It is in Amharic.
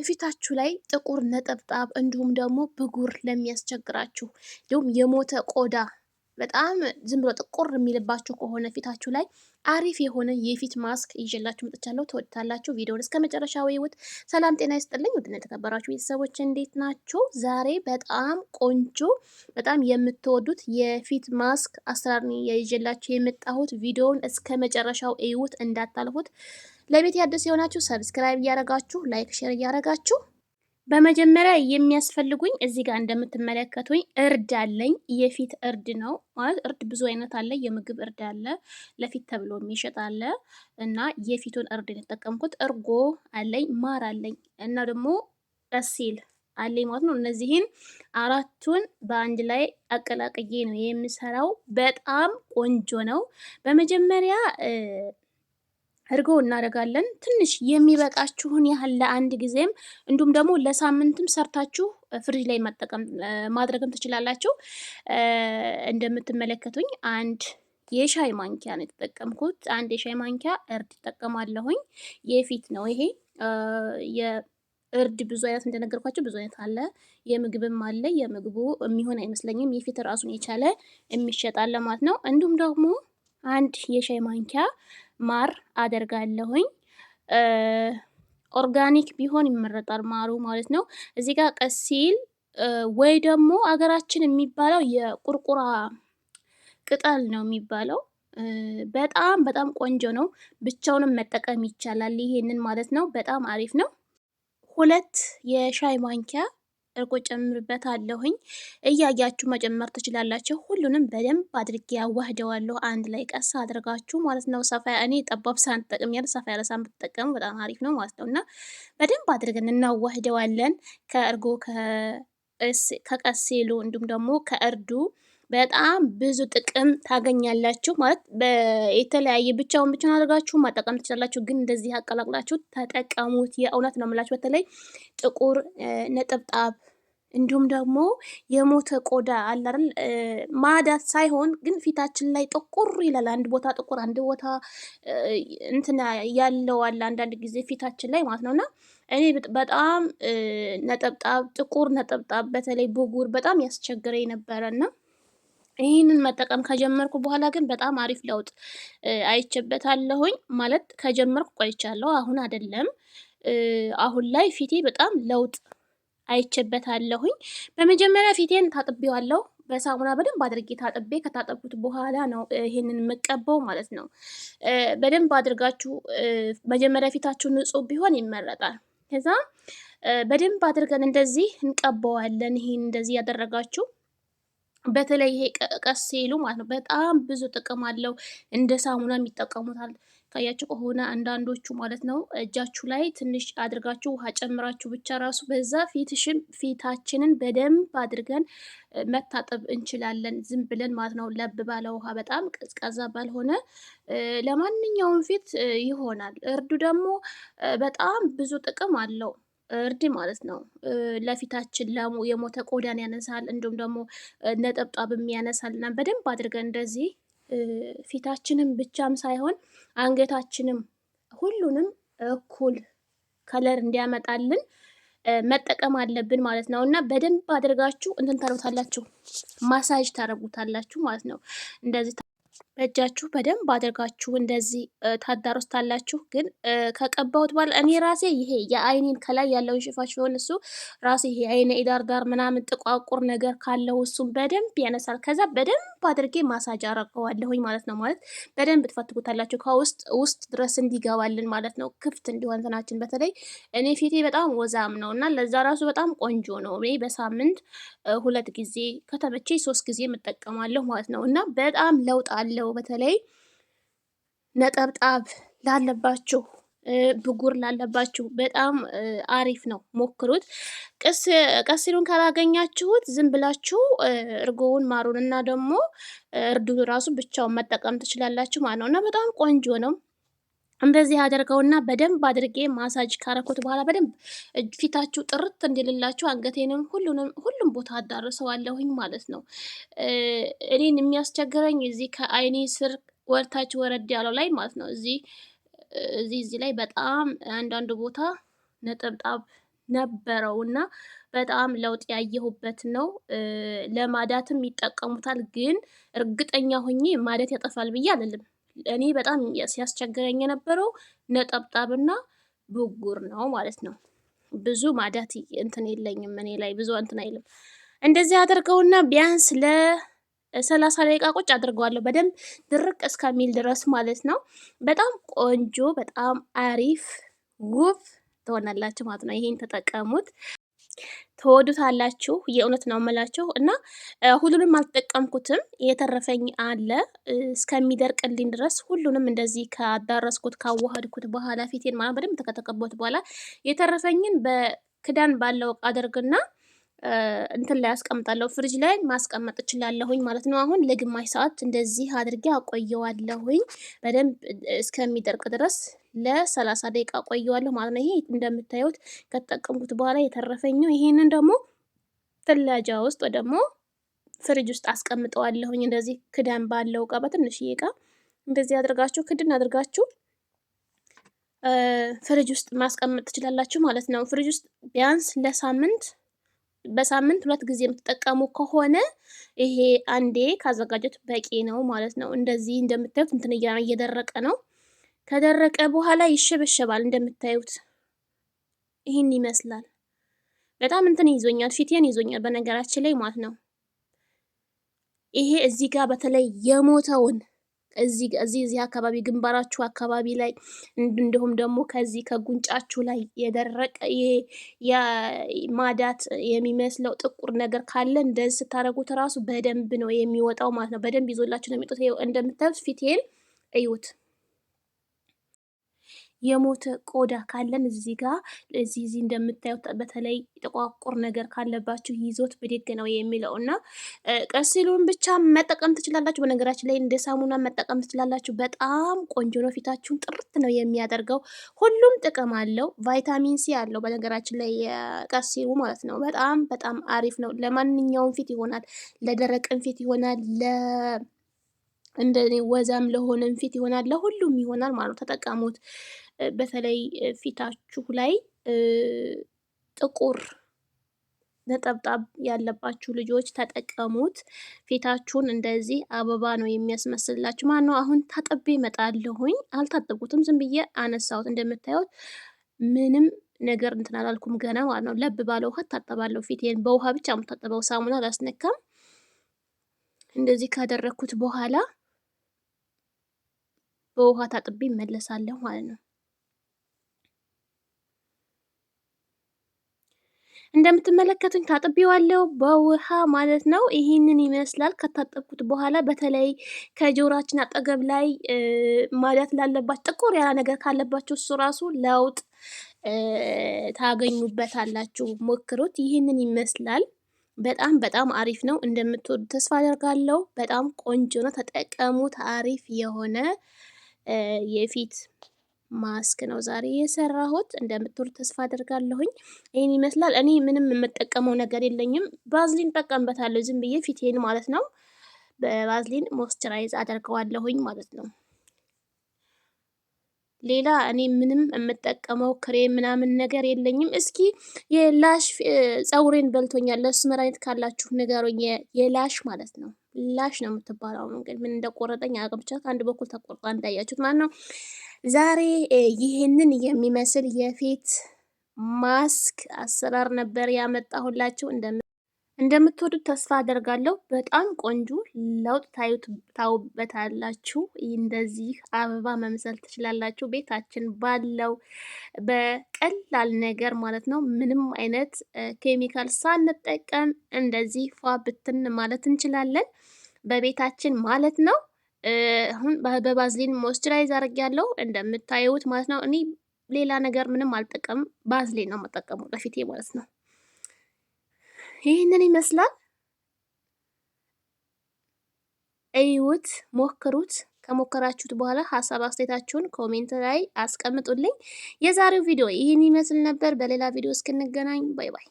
እፊታችሁ ላይ ጥቁር ነጠብጣብ እንዲሁም ደግሞ ብጉር ለሚያስቸግራችሁ እንዲሁም የሞተ ቆዳ በጣም ዝም ብሎ ጥቁር የሚልባችሁ ከሆነ ፊታችሁ ላይ አሪፍ የሆነ የፊት ማስክ ይዤላችሁ መጥቻለሁ። ትወድታላችሁ። ቪዲዮውን እስከ መጨረሻ ይዩት። ሰላም ጤና ይስጥልኝ ውድና የተከበራችሁ ቤተሰቦች እንዴት ናችሁ? ዛሬ በጣም ቆንጆ በጣም የምትወዱት የፊት ማስክ አሰራር ይዤላችሁ የመጣሁት ቪዲዮውን እስከ መጨረሻው እዩት እንዳታልፉት። ለቤት ያደስ የሆናችሁ ሰብስክራይብ እያደረጋችሁ ላይክ ሼር እያደረጋችሁ በመጀመሪያ የሚያስፈልጉኝ እዚህ ጋር እንደምትመለከቱኝ እርድ አለኝ። የፊት እርድ ነው ማለት እርድ ብዙ አይነት አለ። የምግብ እርድ አለ፣ ለፊት ተብሎ የሚሸጥ አለ እና የፊቱን እርድ የተጠቀምኩት። እርጎ አለኝ፣ ማር አለኝ እና ደግሞ ቀሲል አለኝ ማለት ነው። እነዚህን አራቱን በአንድ ላይ አቀላቅዬ ነው የምሰራው። በጣም ቆንጆ ነው። በመጀመሪያ እርጎ እናደርጋለን። ትንሽ የሚበቃችሁን ያህል ለአንድ ጊዜም እንዲሁም ደግሞ ለሳምንትም ሰርታችሁ ፍሪጅ ላይ መጠቀም ማድረግም ትችላላችሁ። እንደምትመለከቱኝ አንድ የሻይ ማንኪያ ነው የተጠቀምኩት። አንድ የሻይ ማንኪያ እርድ እጠቀማለሁኝ። የፊት ነው ይሄ እርድ ብዙ አይነት እንደነገርኳቸው ብዙ አይነት አለ። የምግብም አለ። የምግቡ የሚሆን አይመስለኝም። የፊት ራሱን የቻለ የሚሸጣለ ማለት ነው። እንዲሁም ደግሞ አንድ የሻይ ማንኪያ ማር አደርጋለሁኝ። ኦርጋኒክ ቢሆን ይመረጣል ማሩ ማለት ነው። እዚህ ጋር ቀስ ሲል ወይ ደግሞ አገራችን የሚባለው የቁርቁራ ቅጠል ነው የሚባለው። በጣም በጣም ቆንጆ ነው። ብቻውንም መጠቀም ይቻላል። ይሄንን ማለት ነው። በጣም አሪፍ ነው። ሁለት የሻይ ማንኪያ እርጎ ጨምርበት አለሁኝ። እያያችሁ መጨመር ትችላላችሁ። ሁሉንም በደንብ አድርጌ ያዋህደዋለሁ አንድ ላይ ቀስ አድርጋችሁ ማለት ነው። ሰፋ እኔ ጠባብ ሳህን ተጠቅሜያለሁ። ሰፋ ያለ ሳህን ብትጠቀሙ በጣም አሪፍ ነው ማለት ነው እና በደንብ አድርገን እናዋህደዋለን ከእርጎ ከቀሴሉ እንዲሁም ደግሞ ከእርዱ በጣም ብዙ ጥቅም ታገኛላችሁ። ማለት የተለያየ ብቻውን ብቻውን አድርጋችሁ ማጠቀም ትችላላችሁ፣ ግን እንደዚህ አቀላቅላችሁ ተጠቀሙት። የእውነት ነው የምላችሁ። በተለይ ጥቁር ነጠብጣብ እንዲሁም ደግሞ የሞተ ቆዳ አለ አይደል? ማዳት ሳይሆን ግን ፊታችን ላይ ጥቁር ይላል። አንድ ቦታ ጥቁር፣ አንድ ቦታ እንትና ያለው አለ አንዳንድ ጊዜ ፊታችን ላይ ማለት ነው። እና እኔ በጣም ነጠብጣብ፣ ጥቁር ነጠብጣብ፣ በተለይ ብጉር በጣም ያስቸግረኝ ነበረ እና ይህንን መጠቀም ከጀመርኩ በኋላ ግን በጣም አሪፍ ለውጥ አይቼበታለሁኝ። ማለት ከጀመርኩ ቆይቻለሁ፣ አሁን አይደለም። አሁን ላይ ፊቴ በጣም ለውጥ አይቼበታለሁኝ። በመጀመሪያ ፊቴን ታጥቤዋለሁ በሳሙና በደንብ አድርጌ ታጥቤ ከታጠብኩት በኋላ ነው ይሄንን የምቀበው ማለት ነው። በደንብ አድርጋችሁ መጀመሪያ ፊታችሁ ንጹህ ቢሆን ይመረጣል። ከዛ በደንብ አድርገን እንደዚህ እንቀባዋለን። ይሄን እንደዚህ ያደረጋችሁ በተለይ ይሄ ቀስ ሲሉ ማለት ነው በጣም ብዙ ጥቅም አለው። እንደ ሳሙናም ይጠቀሙታል። ካያቸው ከሆነ አንዳንዶቹ ማለት ነው እጃችሁ ላይ ትንሽ አድርጋችሁ ውሃ ጨምራችሁ ብቻ ራሱ በዛ ፊትሽን ፊታችንን በደንብ አድርገን መታጠብ እንችላለን። ዝም ብለን ማለት ነው ለብ ባለ ውሃ በጣም ቀዝቃዛ ባልሆነ ለማንኛውም ፊት ይሆናል። እርዱ ደግሞ በጣም ብዙ ጥቅም አለው። እርድ ማለት ነው ለፊታችን የሞተ ቆዳን ያነሳል፣ እንዲሁም ደግሞ ነጠብጣብም ያነሳል ና በደንብ አድርገን እንደዚህ ፊታችንም ብቻም ሳይሆን አንገታችንም ሁሉንም እኩል ከለር እንዲያመጣልን መጠቀም አለብን ማለት ነው። እና በደንብ አድርጋችሁ እንትን ታደርጉታላችሁ፣ ማሳጅ ታደርጉታላችሁ ማለት ነው እንደዚህ በእጃችሁ በደንብ አድርጋችሁ እንደዚህ ታዳር ውስጥ አላችሁ። ግን ከቀባሁት በኋላ እኔ ራሴ ይሄ የአይኔን ከላይ ያለውን ሽፋሽፍን እሱ ራሴ ይሄ አይነ ኢዳርዳር ምናምን ጥቋቁር ነገር ካለው እሱም በደንብ ያነሳል። ከዛ በደንብ አድርጌ ማሳጅ አረቀዋለሁኝ ማለት ነው። ማለት በደንብ ትፈትጉታላችሁ ከውስጥ ውስጥ ድረስ እንዲገባልን ማለት ነው። ክፍት እንዲሆን እንትናችን በተለይ እኔ ፊቴ በጣም ወዛም ነው እና ለዛ ራሱ በጣም ቆንጆ ነው። እኔ በሳምንት ሁለት ጊዜ ከተመቼ ሶስት ጊዜ የምጠቀማለሁ ማለት ነው እና በጣም ለውጥ አለው። ያለው በተለይ ነጠብጣብ ላለባችሁ ብጉር ላለባችሁ በጣም አሪፍ ነው፣ ሞክሩት። ቀሲሉን ካላገኛችሁት ዝም ብላችሁ እርጎውን ማሩን እና ደግሞ እርዱ ራሱ ብቻውን መጠቀም ትችላላችሁ ማለት ነው እና በጣም ቆንጆ ነው። እንደዚህ አደርገውና በደንብ አድርጌ ማሳጅ ካረኩት በኋላ በደንብ ፊታችሁ ጥርት እንዲልላችሁ አንገቴንም ሁሉንም ሁሉም ቦታ አዳርሰዋለሁኝ ማለት ነው። እኔን የሚያስቸግረኝ እዚህ ከአይኔ ስር ወርታች ወረድ ያለው ላይ ማለት ነው። እዚህ እዚህ እዚህ ላይ በጣም አንዳንድ ቦታ ነጠብጣብ ነበረው እና በጣም ለውጥ ያየሁበት ነው። ለማዳትም ይጠቀሙታል፣ ግን እርግጠኛ ሁኜ ማዳት ያጠፋል ብዬ አልልም። እኔ በጣም ሲያስቸግረኝ የነበረው ነጠብጣብና ብጉር ነው ማለት ነው። ብዙ ማዳት እንትን የለኝም እኔ ላይ ብዙ እንትን አይልም። እንደዚህ አድርገውና ቢያንስ ሰላሳ ደቂቃ ቁጭ አድርገዋለሁ በደንብ ድርቅ እስከሚል ድረስ ማለት ነው። በጣም ቆንጆ በጣም አሪፍ ውብ ትሆናላችሁ ማለት ነው። ይሄን ተጠቀሙት። ተወዱታላችሁ። የእውነት ነው የምላችሁ እና ሁሉንም አልተጠቀምኩትም፣ የተረፈኝ አለ እስከሚደርቅልኝ ድረስ ሁሉንም እንደዚህ ካዳረስኩት ካዋሃድኩት በኋላ ፊቴን ማለት በደንብ ከተቀባሁት በኋላ የተረፈኝን በክዳን ባለው አደርግና እንትን ላይ አስቀምጣለሁ፣ ፍሪጅ ላይ ማስቀመጥ እችላለሁኝ ማለት ነው። አሁን ለግማሽ ሰዓት እንደዚህ አድርጌ አቆየዋለሁኝ በደንብ እስከሚደርቅ ድረስ ለሰላሳ ደቂቃ አቆየዋለሁ ማለት ነው። ይሄ እንደምታዩት ከተጠቀምኩት በኋላ የተረፈኝ ነው። ይሄንን ደግሞ ፍላጃ ውስጥ ደግሞ ፍሪጅ ውስጥ አስቀምጠዋለሁኝ እንደዚህ ክዳን ባለው እቃ፣ በትንሽ እቃ እንደዚህ አድርጋችሁ ክድን አድርጋችሁ ፍሪጅ ውስጥ ማስቀመጥ ትችላላችሁ ማለት ነው። ፍሪጅ ውስጥ ቢያንስ ለሳምንት በሳምንት ሁለት ጊዜ የምትጠቀሙ ከሆነ ይሄ አንዴ ካዘጋጀት በቂ ነው ማለት ነው። እንደዚህ እንደምታዩት እንትን እየደረቀ ነው። ከደረቀ በኋላ ይሸበሸባል። እንደምታዩት ይህን ይመስላል። በጣም እንትን ይዞኛል፣ ፊቴን ይዞኛል በነገራችን ላይ ማለት ነው። ይሄ እዚህ ጋር በተለይ የሞተውን እዚህ እዚህ አካባቢ ግንባራችሁ አካባቢ ላይ እንዲሁም ደግሞ ከዚህ ከጉንጫችሁ ላይ የደረቀ የማዳት የሚመስለው ጥቁር ነገር ካለ እንደዚህ ስታደርጉት ራሱ በደንብ ነው የሚወጣው ማለት ነው። በደንብ ይዞላችሁ ነው የሚወጡት። እንደምታዩት ፊቴን እዩት። የሞተ ቆዳ ካለን እዚህ ጋር እዚህ እዚህ እንደምታዩት በተለይ ጥቋቁር ነገር ካለባችሁ ይዞት ብድግ ነው የሚለው እና ቀሲሉን ብቻ መጠቀም ትችላላችሁ። በነገራችን ላይ እንደ ሳሙና መጠቀም ትችላላችሁ። በጣም ቆንጆ ነው። ፊታችሁን ጥርት ነው የሚያደርገው። ሁሉም ጥቅም አለው። ቫይታሚን ሲ አለው በነገራችን ላይ ቀሲሉ ማለት ነው። በጣም በጣም አሪፍ ነው። ለማንኛውም ፊት ይሆናል። ለደረቅን ፊት ይሆናል። እንደ ወዛም ለሆነም ፊት ይሆናል፣ ለሁሉም ይሆናል ማለት ነው። ተጠቀሙት። በተለይ ፊታችሁ ላይ ጥቁር ነጠብጣብ ያለባችሁ ልጆች ተጠቀሙት። ፊታችሁን እንደዚህ አበባ ነው የሚያስመስልላችሁ። ማን ነው አሁን ታጥቤ እመጣለሁኝ። አልታጠብኩትም፣ ዝም ብዬ አነሳሁት። እንደምታዩት ምንም ነገር እንትን አላልኩም ገና ማለት ነው። ለብ ባለ ውሃ ታጠባለሁ ፊቴን። በውሃ ብቻ የምታጠበው ሳሙና አላስነካም። እንደዚህ ካደረግኩት በኋላ በውሃ ታጥቤ እመለሳለሁ ማለት ነው። እንደምትመለከቱኝ ታጥቤዋለሁ በውሃ ማለት ነው። ይህንን ይመስላል። ከታጠብኩት በኋላ በተለይ ከጆሮችን አጠገብ ላይ ማዳት ላለባቸው ጥቁር ያለ ነገር ካለባቸው እሱ ራሱ ለውጥ ታገኙበታላችሁ። ሞክሩት። ይህንን ይመስላል። በጣም በጣም አሪፍ ነው። እንደምትወዱ ተስፋ አደርጋለሁ። በጣም ቆንጆ ነው። ተጠቀሙት። አሪፍ የሆነ የፊት ማስክ ነው ዛሬ የሰራሁት። እንደምትወዱ ተስፋ አደርጋለሁኝ። ይህን ይመስላል። እኔ ምንም የምጠቀመው ነገር የለኝም። ባዝሊን ጠቀምበታለሁ ዝም ብዬ ፊቴን ማለት ነው። በቫዝሊን ሞስቸራይዝ አደርገዋለሁኝ ማለት ነው። ሌላ እኔ ምንም የምጠቀመው ክሬም ምናምን ነገር የለኝም። እስኪ የላሽ ፀጉሬን በልቶኛል፣ ለሱ መድኃኒት ካላችሁ ንገሩኝ። የላሽ ማለት ነው ላሽ ነው የምትባለው። አሁን ምን እንደቆረጠኝ አቅምቻ ከአንድ በኩል ተቆርጣ እንዳያችሁት ማለት ነው። ዛሬ ይህንን የሚመስል የፊት ማስክ አሰራር ነበር ያመጣሁላችሁ እንደ እንደምትወዱት ተስፋ አደርጋለሁ። በጣም ቆንጆ ለውጥ ታዩታውበታላችሁ እንደዚህ አበባ መምሰል ትችላላችሁ። ቤታችን ባለው በቀላል ነገር ማለት ነው። ምንም አይነት ኬሚካል ሳንጠቀም እንደዚህ ፏ ብትን ማለት እንችላለን በቤታችን ማለት ነው። አሁን በባዝሊን ሞይስቸራይዝ አድርጌያለሁ እንደምታዩት ማለት ነው። እኔ ሌላ ነገር ምንም አልጠቀምም። ባዝሊን ነው የምጠቀመው ለፊቴ ማለት ነው። ይህንን ይመስላል። እዩት፣ ሞክሩት። ከሞከራችሁት በኋላ ሀሳብ አስተያየታችሁን ኮሜንት ላይ አስቀምጡልኝ። የዛሬው ቪዲዮ ይህን ይመስል ነበር። በሌላ ቪዲዮ እስክንገናኝ ባይ ባይ።